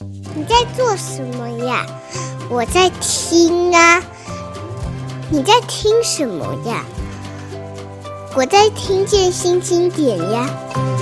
你在做什麼呀？我在聽啊。你在聽什麼呀？我在聽《見新經典》呀。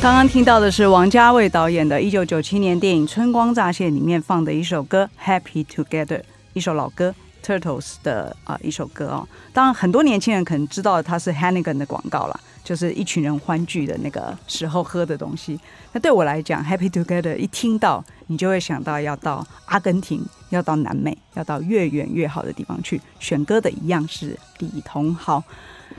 剛剛聽到的是王家衛導演的1997年電影《春光乍洩》裡面放的一首歌《Happy Together》，一首老歌，Turtles 的啊、呃、一首歌哦。當然，很多年輕人可能知道它是海尼根的廣告了。就是一群人歡聚的那個時候喝的東西。那對我來講，《Happy Together》一聽到，你就會想到要到阿根廷，要到南美，要到越遠越好的地方去。選歌的一樣是李桐豪。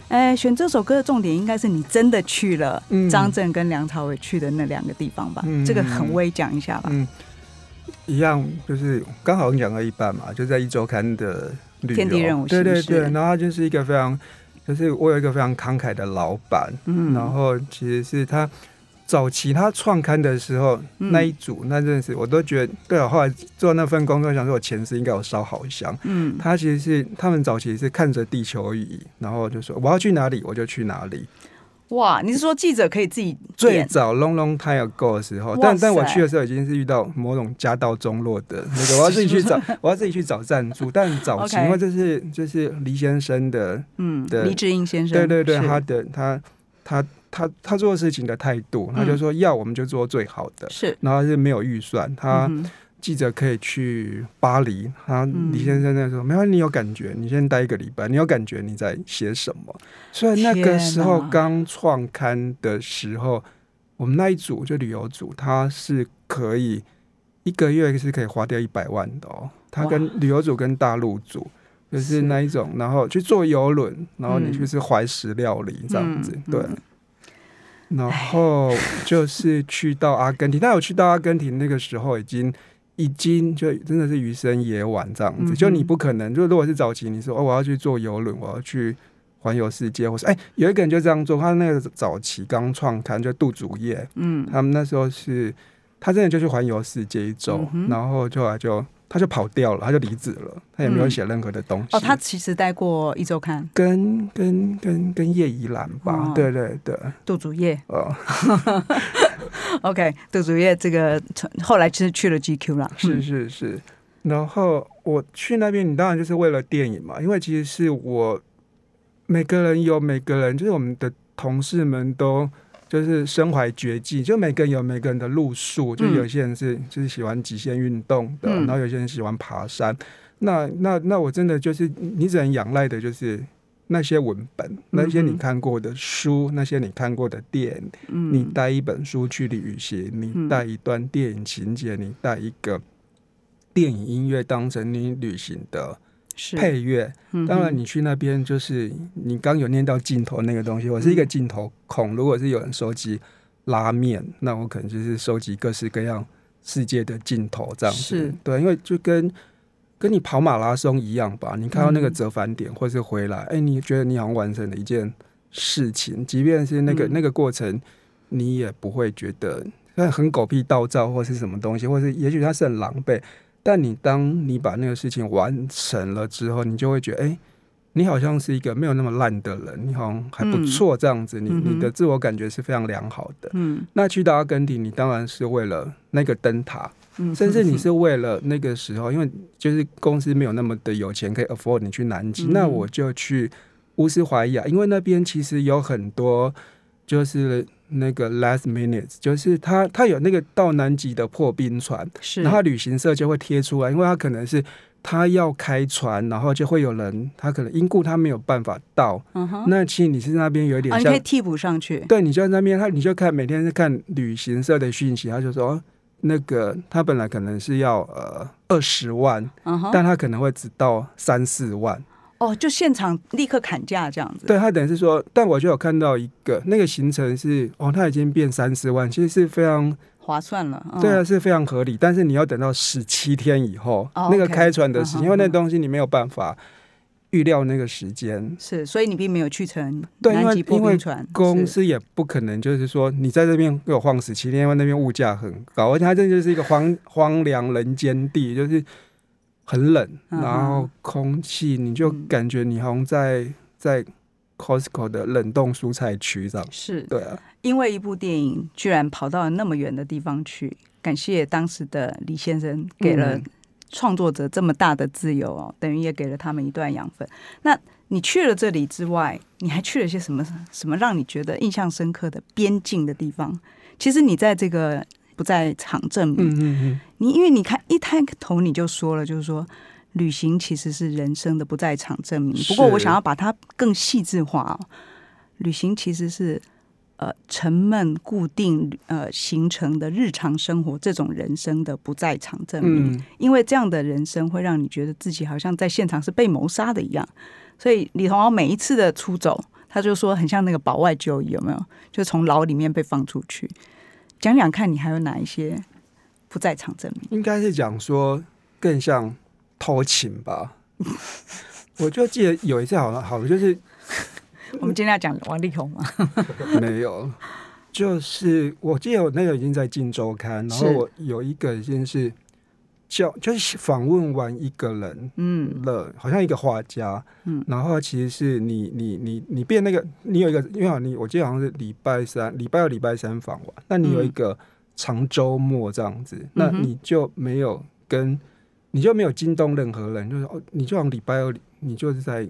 哎、欸，選這首歌的重點應該是你真的去了張震跟梁朝偉去的那兩個地方吧？嗯、這個很微講一下吧。嗯，嗯一樣就是剛好講到一半嘛，就在《一周刊》的旅《天地任務》對對對，然後它就是一個非常。就是我有一個非常慷慨的老闆、嗯，然後其實是他早期他創刊的時候、嗯、那一組那陣子，我都覺得對。我後來做那份工作，想說我前世應該有燒好香。嗯，他其實是他們早期是看着地球儀，然後就說我要去哪裡我就去哪裡。哇！你是說記者可以自己最早 Long long time ago 的時候，但但我去的時候已經是遇到某種家道中落的那、這個，我要自己去找， 我要自己去找贊助，但早期因、就、為是這 是黎先生的，嗯的，黎智英先生，對對對，他的他他他他,他做事情的態度、嗯，他就說要我們就做最好的，是，然後他是沒有預算他。嗯記者可以去巴黎他李先生那時候、嗯、沒有，你有感覺，你先待一個禮拜，你有感覺你在寫什麼。所以那個時候剛創刊的時候，我們那一組就旅遊組，他是可以一個月是可以花掉一百萬的哦。他跟旅遊組跟大陸組就是那一種，然後去坐遊輪，然後你去吃就是懷石料理、嗯、這樣子，對、嗯。然後就是去到阿根廷， 但我去到阿根廷那個時候已經。已經就真的是余生也晚這樣子，就你不可能。就如果是早期，你說哦，我要去坐遊輪，我要去環遊世界，或是哎，有一個人就這樣做，他那個早期剛創刊就杜祖業，嗯，他們那時候是，他真的就去環遊世界一周，嗯、然後後來就他就跑掉了，他就離職了，他也沒有寫任何的東西。哦，他其實待過壹週刊，跟跟跟跟葉怡蘭吧、嗯哦，對對對，杜祖業。哦 OK，杜祖業這個後來其實去了 GQ 了，是是是。然後我去那邊，你當然就是為了電影嘛，因為其實是我每個人有每個人，就是我們的同事們都就是身懷絕技，就每個人有每個人的路數，就有些人是就是喜歡極限運動的，嗯、然後有些人喜歡爬山。那那那我真的就是你只能仰賴的就是。那些文本，那些你看過的書，那些你看過的電影，你帶一本書去旅行，你帶一段電影情節，你帶一個電影音樂當成你旅行的配樂、嗯。當然，你去那邊就是你剛有念到鏡頭那個東西。我是一個鏡頭控、嗯，如果是有人收集拉麵，那我可能就是收集各式各樣世界的鏡頭這樣子。是對，因為就跟。跟你跑馬拉松一樣吧，你看到那個折返點，嗯、或是回來，哎、欸，你覺得你好像完成了一件事情，即便是那個、嗯、那個過程，你也不會覺得很狗屁倒灶，或是什麼東西，或是也許他是很狼狽，但你當你把那個事情完成了之後，你就會覺得，哎、欸，你好像是一個沒有那麼爛的人，你好像還不錯，這樣子，嗯、你你的自我感覺是非常良好的。嗯，那去到阿根廷，你當然是為了那個燈塔。甚至你是為了那個時候，因為就是公司沒有那麼的有錢可以 afford 你去南極、嗯，那我就去烏斯懷亞，因為那邊其實有很多就是那個 last minutes，就是他他有那個到南極的破冰船，是，然後旅行社就會貼出來，因為他可能是他要開船，然後就會有人他可能因故他沒有辦法到，嗯哼，那其實你是那邊有點像、啊、你可以替補上去，對，你就在那邊，他你就看每天是看旅行社的訊息，他就說。那個他本來可能是要呃二十萬，uh -huh. 但他可能會只到三四萬。哦、oh,，就現場立刻砍價這樣子。對他等於是說，但我就有看到一個那個行程是哦，他已經變三四萬，其實是非常划算了，uh -huh. 對啊是非常合理。但是你要等到十七天以後、oh, okay. 那個開船的時間、uh -huh. 因為那東西你沒有辦法。預料那個時間是，所以你並沒有去成南極。對，因，因為破冰船公司也不可能，就是說你在這邊有放時期，因為那邊物價很高，而且它這就是一個荒荒涼人間地，就是很冷，嗯、然後空氣你就感覺你好像在在 Costco 的冷凍蔬菜區上。是對啊，因為一部電影居然跑到了那麼遠的地方去，感謝當時的李先生給了、嗯。創作者這麼大的自由哦，等於也給了他們一段養分。那你去了這裡之外，你還去了些什麼？什麼讓你覺得印象深刻的邊境的地方？其實你在這個不在場證明，嗯嗯，你因為你看一開頭你就說了，就是說旅行其實是人生的不在場證明。不過我想要把它更細緻化哦，旅行其實是。呃，沉悶、固定呃形成的日常生活，這種人生的不在場證明，嗯，因為這樣的人生會讓你覺得自己好像在現場是被謀殺的一樣。所以李桐豪每一次的出走，他就說很像那個保外就醫，有沒有？就從牢裡面被放出去。講講看你還有哪一些不在場證明？應該是講說更像偷情吧。 我就記得有一次好，好像好了，就是。 我們今天要講王力宏嗎？ 沒有，就是我記得我那個已經在《金週刊》，然後我有一個已經是叫就是訪問完一個人，嗯了，好像一個畫家，嗯，然後其實是你你你你變那個，你有一個因為你我記得好像是禮拜三、禮拜二、禮拜三訪問，那你有一個長週末這樣子，嗯，那你就沒有跟，你就沒有驚動任何人，就是哦，你就好像禮拜二，你就是在。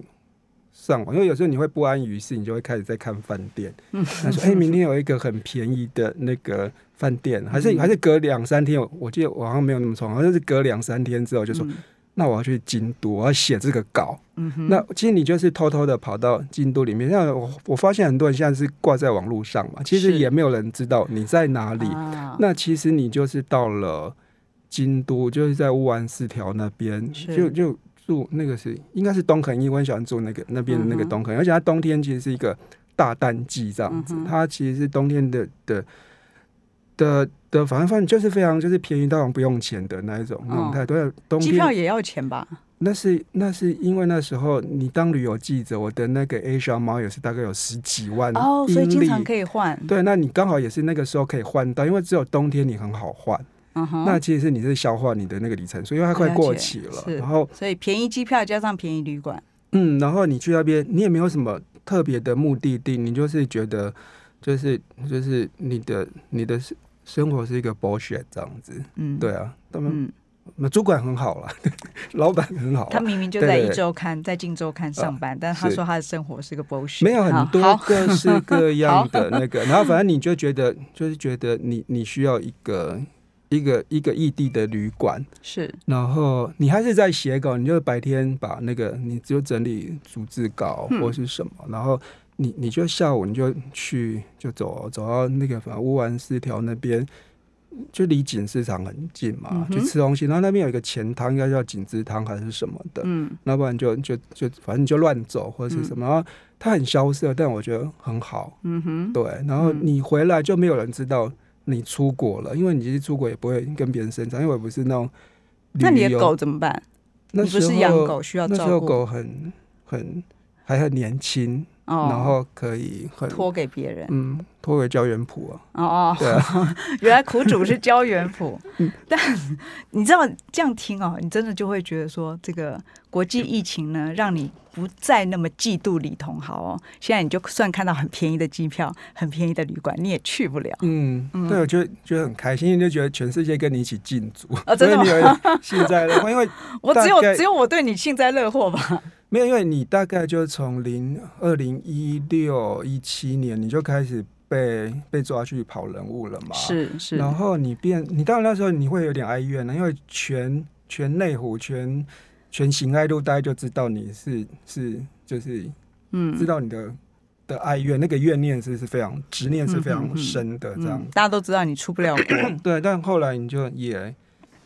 上網，因為有時候你會不安於事，你就會開始在看飯店。他 說：“哎、欸，明天有一個很便宜的那個飯店，還 是還是隔兩三天。”我我記得我好像沒有那麼衝，像、嗯就是隔兩三天之後就說、嗯：“那我要去京都，我要寫這個稿。”嗯哼。那其實你就是偷偷的跑到京都裡面。那我我發現很多人現在是掛在網絡上嘛，其實也沒有人知道你在哪裡。那其實你就是到了京都，就是在烏丸四條那邊，就就。住那個是應該是東肯因為我很喜歡住那個那邊的那個東肯、嗯，而且它冬天其實是一個大淡季這樣子。嗯、它其實是冬天的的的的，反正就是非常就是便宜到不用錢的那一種狀態。對、哦，冬機票也要錢吧？那是那是因為那時候你當旅遊記者，我的那個 Asia Miles 是大概有十幾萬哦，所以經常可以換。對，那你剛好也是那個時候可以換到，因為只有冬天你很好換。Uh -huh. 那其實是你是消化你的那個里程數，因為它快過期了、啊了。然後，所以便宜機票加上便宜旅館。嗯，然後你去那邊，你也沒有什麼特別的目的地，你就是覺得，就是就是你的你的生活是一個 bullshit 這樣子。嗯，對啊，他們那、嗯、主管很好了，老闆很好。他明明就在一週刊，在鏡週刊上班，啊、但是他說他的生活是一個 bullshit，沒有很多各式各樣的那個。 然後反正你就覺得，就是覺得你你需要一個。一個一個異地的旅館是，然後你還是在寫稿，你就白天把那個你就整理逐字稿或是什麼，嗯、然後你你就下午你就去就走走到那個反正烏丸四條那邊，就離錦市場很近嘛，嗯，就吃東西。然後那邊有一個錢湯，應該叫錦之湯還是什麼的，嗯，那不然就就就反正你就亂走或者是什麼，嗯，然後它很蕭瑟，但我覺得很好，嗯哼，對，然後你回來就沒有人知道。你出國了，因為你其實出國也不會跟別人生長，因為我不是那種。那你的狗怎麼辦？那你不是養狗需要照顧，那時候狗很很還很年輕、哦，然後可以很托給別人，嗯，托給焦元溥啊，哦哦，啊、 原來苦主是焦元溥 但你知道這樣聽哦，你真的就會覺得說，這個國際疫情呢，讓你。不再那麼嫉妒李桐豪哦，喔！現在你就算看到很便宜的機票，很便宜的旅館，你也去不了。嗯，對，我覺得、嗯、就覺得很開心，就覺得全世界跟你一起禁足啊！真的有，幸災樂禍，因為…… 我只有我只有我對你幸災樂禍吧？沒有，因為你大概就從零二零一六一七年你就開始被被抓去跑人物了嘛。是是，然後你變，你當然那時候你會有點哀怨、啊、因為全全內湖全。全行愛都，大家就知道你是是就是，嗯，知道你的的哀怨、嗯，那個怨念是是非常執念，是非常深的、嗯、哼哼這樣、嗯。大家都知道你出不了國，對。但後來你就也，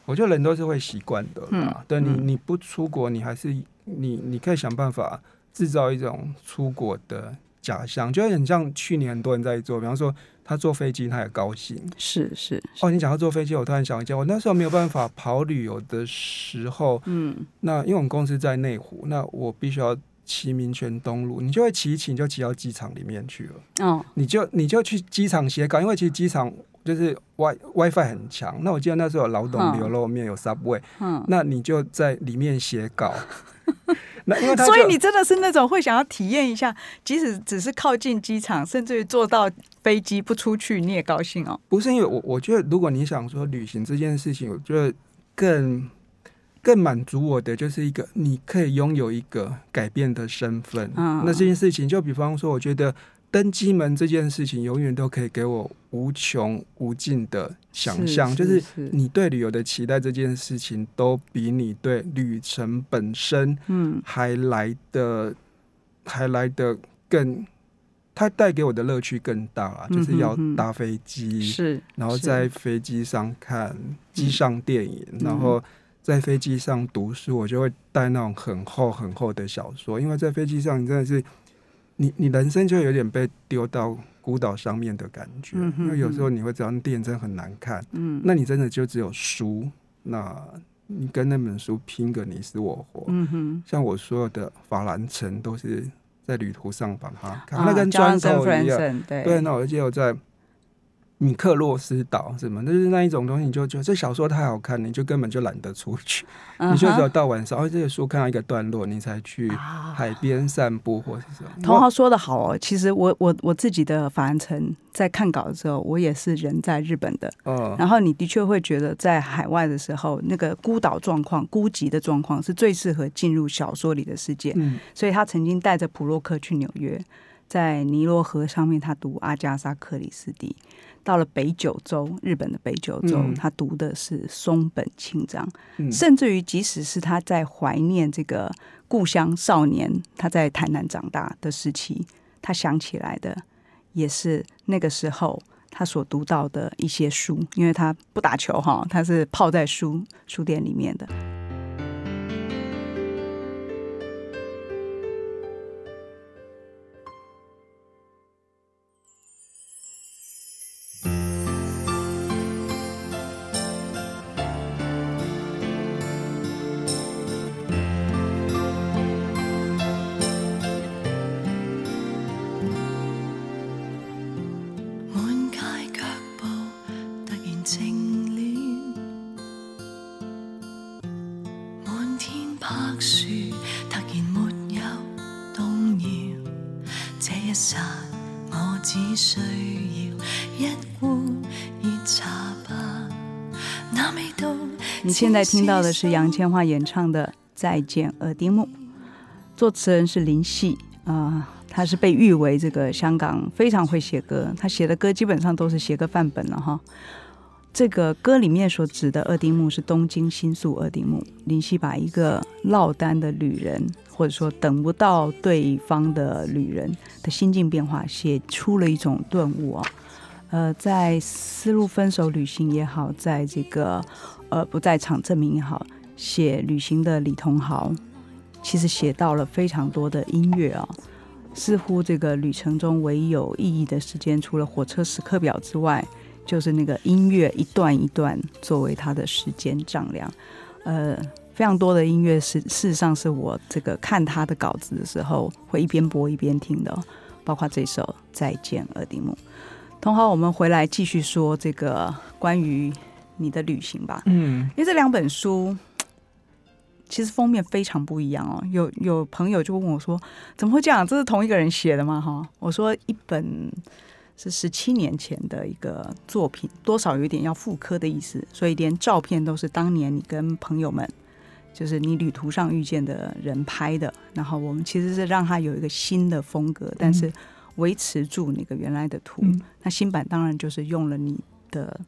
我覺得人都是會習慣的、嗯、對你，你不出國，你還是你，你可以想辦法製造一種出國的假象，就會很像去年很多人在做，比方說他坐飛機，他也高興。是是，是哦，你講到坐飛機，我突然想起我那時候沒有辦法跑旅遊的時候，嗯，那因為我們公司在內湖，那我必須要騎民權東路，你就會騎一騎你就騎到機場裡面去了。哦，你就你就去機場寫稿，因為其實機場就是 Wi, -Wi Fi 很強。那我記得那時候有老董牛肉麵，有 Subway，嗯、哦，那你就在裡面寫稿。呵呵 所以你真的是那種會想要體驗一下，即使只是靠近機場，甚至於坐到飛機不出去，你也高興哦。不是，因為我，我覺得如果你想說旅行這件事情，我覺得更更滿足我的就是一個，你可以擁有一個改變的身份。嗯，那這件事情，就比方說，我覺得。登機門這件事情永遠都可以給我無窮無盡的想象就是你對旅遊的期待這件事情，都比你對旅程本身，嗯，還來得還來得更，它帶給我的樂趣更大了、嗯。就是要搭飛機，是，然後在飛機上看機上電影、嗯，然後在飛機上讀書，我就會帶那種很厚很厚的小說，因為在飛機上你真的是。你你人生就有點被丟到孤島上面的感覺，嗯，因為有時候你會知道那電影真的很難看，嗯，那你真的就只有書，那你跟那本書拼個你死我活。嗯哼，像我所有的法蘭城都是在旅途上把它，啊，看那跟磚頭一樣。對對，那我就有在。米克洛斯島什麼？那就是那一種東西，你就覺得這小說太好看了，你就根本就懶得出去，uh-huh. 你就只有到晚上，哦，這個書看到一個段落，你才去海邊散步或是什麼。同行，uh-huh. 說的好哦，其實我我我自己的法蘭城，在看稿的時候，我也是人在日本的。哦、uh-huh.，然後你的確會覺得，在海外的時候，那個孤島狀況、孤寂的狀況，是最適合進入小說裡的世界。嗯、所以他曾經帶着普洛克去紐約，在尼羅河上面，他讀阿加莎克里斯蒂。到了北九州，日本的北九州，嗯，他讀的是松本清張，嗯，甚至於即使是他在懷念這個故鄉少年，他在台南長大的時期，他想起來的也是那個時候他所讀到的一些書，因為他不打球哈，他是泡在書書店裡面的。你現在聽到的是楊千嬅演唱的《再見二丁目》，作詞人是林夕啊、呃，他是被譽為這個香港非常會寫歌，他寫的歌基本上都是寫歌範本了哈。這個歌裡面所指的二丁目是東京新宿二丁目。林夕把一個落單的旅人，或者說等不到對方的旅人的心境變化，寫出了一種頓悟啊、哦。呃，在《絲路分手旅行》也好，在這個呃不在場證明也好，寫旅行的李桐豪，其實寫到了非常多的音樂啊、哦。似乎這個旅程中唯一有意義的時間，除了火車時刻表之外。就是那個音樂一段一段作為他的時間丈量，呃，非常多的音樂是事實上是我這個看他的稿子的時候會一邊播一邊聽的、哦，包括這首《再見，二丁目》。同好，我們回來繼續說這個關於你的旅行吧。嗯，因為這兩本書其實封面非常不一樣哦。有有朋友就問我說：“怎麼會這樣？這是同一個人寫的嗎？”哈，我說一本。是十七年前的一個作品，多少有點要複刻的意思，所以連照片都是當年你跟朋友們，就是你旅途上遇見的人拍的。然後我們其實是讓它有一個新的風格，但是維持住那個原來的圖、嗯。那新版當然就是用了你的，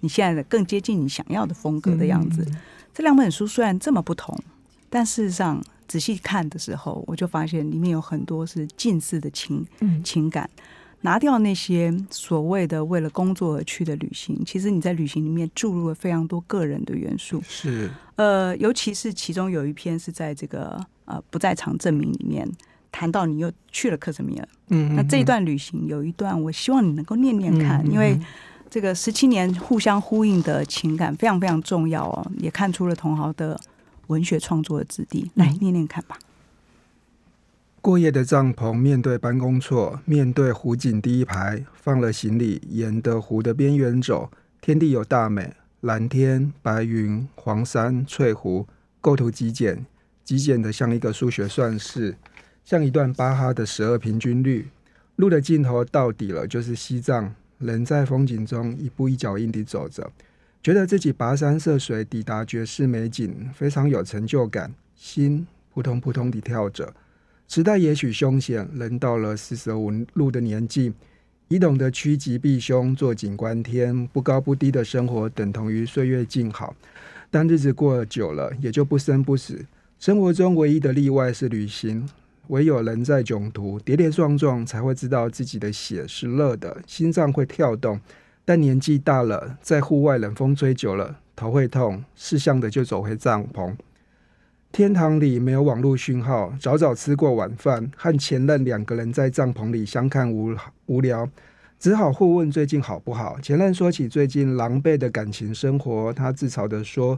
你現在的更接近你想要的風格的樣子。嗯嗯嗯。這兩本書雖然這麼不同，但事實上仔細看的時候，我就發現裡面有很多是近似的情、嗯、情感。拿掉那些所謂的為了工作而去的旅行，其實你在旅行裡面注入了非常多個人的元素。是，呃，尤其是其中有一篇是在這個呃不在場證明裡面談到你又去了克什米爾。嗯，嗯，嗯，那這一段旅行有一段，我希望你能夠念念看嗯嗯嗯，因為這個十七年互相呼應的情感非常非常重要哦，也看出了桐豪的文學創作的質地。來、嗯、念念看吧。過夜的帳篷面對班公措，面對湖景，第一排放了行李，沿着湖的邊緣走，天地有大美，藍天白雲，黃山翠湖，構圖極簡，極簡的像一個數學算式，像一段巴哈的十二平均律。路的盡頭到底了，就是西藏。人在風景中一步一腳印地走着，覺得自己跋山涉水抵達絕世美景，非常有成就感，心撲通撲通地跳着。時代也許凶險，人到了四捨五入的年紀，已懂得趨吉避凶，坐井觀天，不高不低的生活等同於歲月靜好。但日子過了久了，也就不生不死。生活中唯一的例外是旅行，唯有人在囧途跌跌撞撞，才會知道自己的血是熱的，心臟會跳動。但年紀大了，在戶外冷風吹久了，頭會痛，識相的就走回帳篷。天堂裡沒有網絡訊號，早早吃過晚飯，和前任兩個人在帳篷裡相看無無聊，只好互問最近好不好。前任說起最近狼狽的感情生活，他自嘲地說：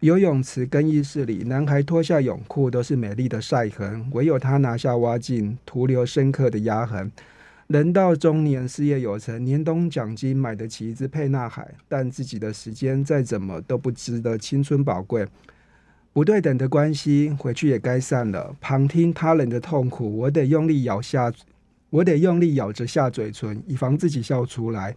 游泳池更衣室裡，男孩脫下泳褲都是美麗的曬痕，唯有他拿下蛙鏡，徒留深刻的壓痕。人到中年，事業有成，年終獎金買得起一隻沛納海，但自己的時間再怎麼都不值得青春寶貴。不對等的關係，回去也該散了。旁聽他人的痛苦，我得用力咬下，我得用力咬着下嘴唇，以防自己笑出來。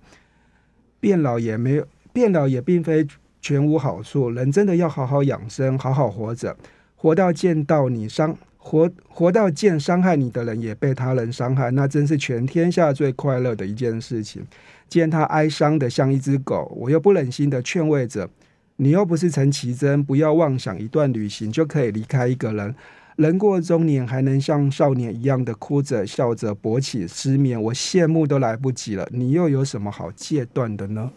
變老也沒有，變老也並非全無好處。人真的要好好養生，好好活着，活到見到你傷，活活到見傷害你的人也被他人傷害，那真是全天下最快樂的一件事情。見他哀傷得像一隻狗，我又不忍心地勸慰着。你又不是陳綺貞，不要妄想一段旅行就可以離開一個人。人過中年還能像少年一樣的哭着笑着勃起失眠，我羨慕都來不及了。你又有什麼好戒斷的呢？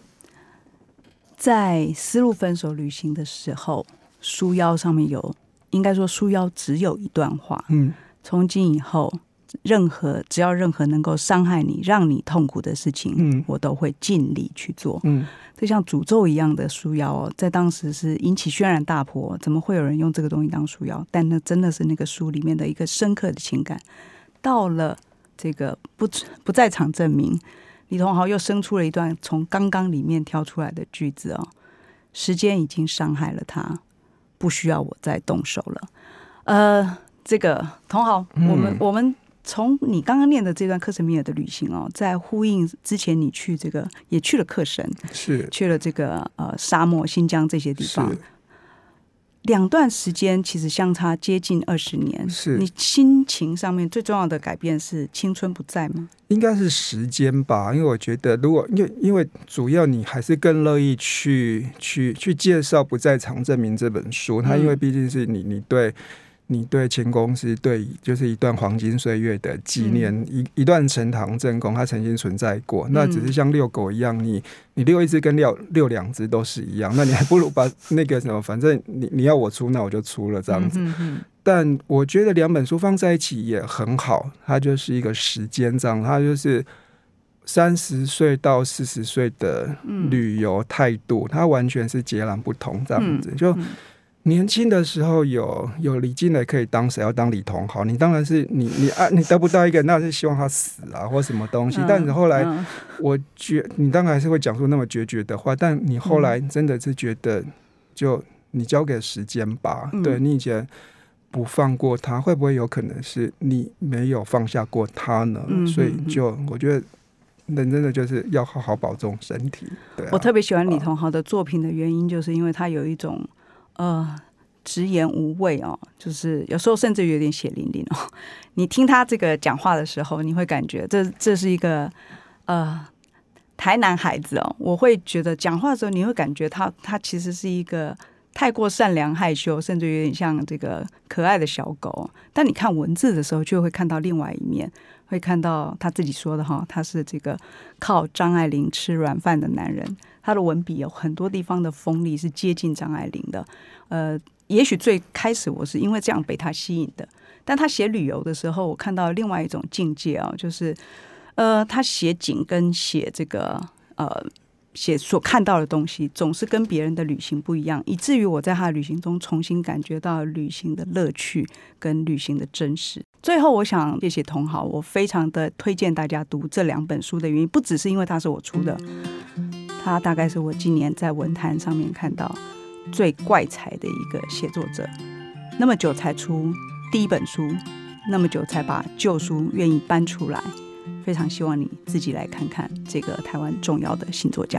在絲路分手旅行的時候，書腰上面有，應該說書腰只有一段話。嗯，從今以後。任何只要任何能夠傷害你、讓你痛苦的事情，嗯、我都會盡力去做。嗯、這就像詛咒一樣的書腰哦，在當時是引起軒然大波。怎麼會有人用這個東西當書腰？但那真的是那個書裡面的一個深刻的情感。到了這個不不在場證明，李桐豪又生出了一段從剛剛裡面挑出來的句子哦：時間已經傷害了他，不需要我再動手了。呃，這個桐豪，我們、嗯、我們。從你剛剛念的這段克什米爾的旅行哦，在呼應之前你去這個也去了克什，是去了這個呃沙漠新疆這些地方，兩段時間其實相差接近二十年，是你心情上面最重要的改變是青春不在嗎？應該是時間吧，因為我覺得如果因為因為主要你還是更樂意去去去介紹《不在場證明》這本書，嗯，它因為畢竟是你你對。你對前公司是對，就是一段黃金歲月的紀念，嗯、一一段呈堂證供，它曾經存在過。嗯、那只是像遛狗一樣，你你遛一隻跟遛遛兩隻都是一樣。那你還不如把那個什麼， 反正你你要我出，那我就出了這樣子。嗯、哼哼但我覺得兩本書放在一起也很好，它就是一個時間這樣，它就是三十歲到四十歲的旅遊態度、嗯，它完全是截然不同這樣子、嗯嗯、就。年輕的時候有有李靜蕾可以當，誰要當李桐豪？你當然是你你愛、啊、你得不到一個，那是希望他死啊，或什麼東西。但是後來，嗯嗯、我覺你當然還是會講出那麼決絕的話，但你後來真的是覺得，嗯、就你交給時間吧。嗯、對你以前不放過他，會不會有可能是你沒有放下過他呢？嗯嗯、所以就我覺得人真的就是要好好保重身體。對、啊。我特別喜歡李桐豪的作品的原因，就是因為他有一種。呃，直言無畏哦，就是有時候甚至有點血淋淋哦。你聽他這個講話的時候，你會感覺這這是一個呃台南孩子哦。我會覺得講話的時候，你會感覺他他其實是一個，太過善良害羞，甚至有點像這個可愛的小狗。但你看文字的時候，就會看到另外一面，會看到他自己說的哈，他是這個靠張愛玲吃軟飯的男人。他的文筆有很多地方的鋒利是接近張愛玲的。呃，也許最開始我是因為這樣被他吸引的。但他寫旅遊的時候，我看到另外一種境界啊，就是呃，他寫景跟寫這個呃。寫所看到的東西總是跟別人的旅行不一樣，以至於我在他的旅行中重新感覺到旅行的樂趣跟旅行的真實。最後，我想謝謝同好，我非常的推薦大家讀這兩本書的原因，不只是因為他是我出的，他大概是我今年在文壇上面看到最怪才的一個寫作者。那麼久才出第一本書，那麼久才把舊書願意搬出來。非常希望你自己來看看這個台灣重要的新作家。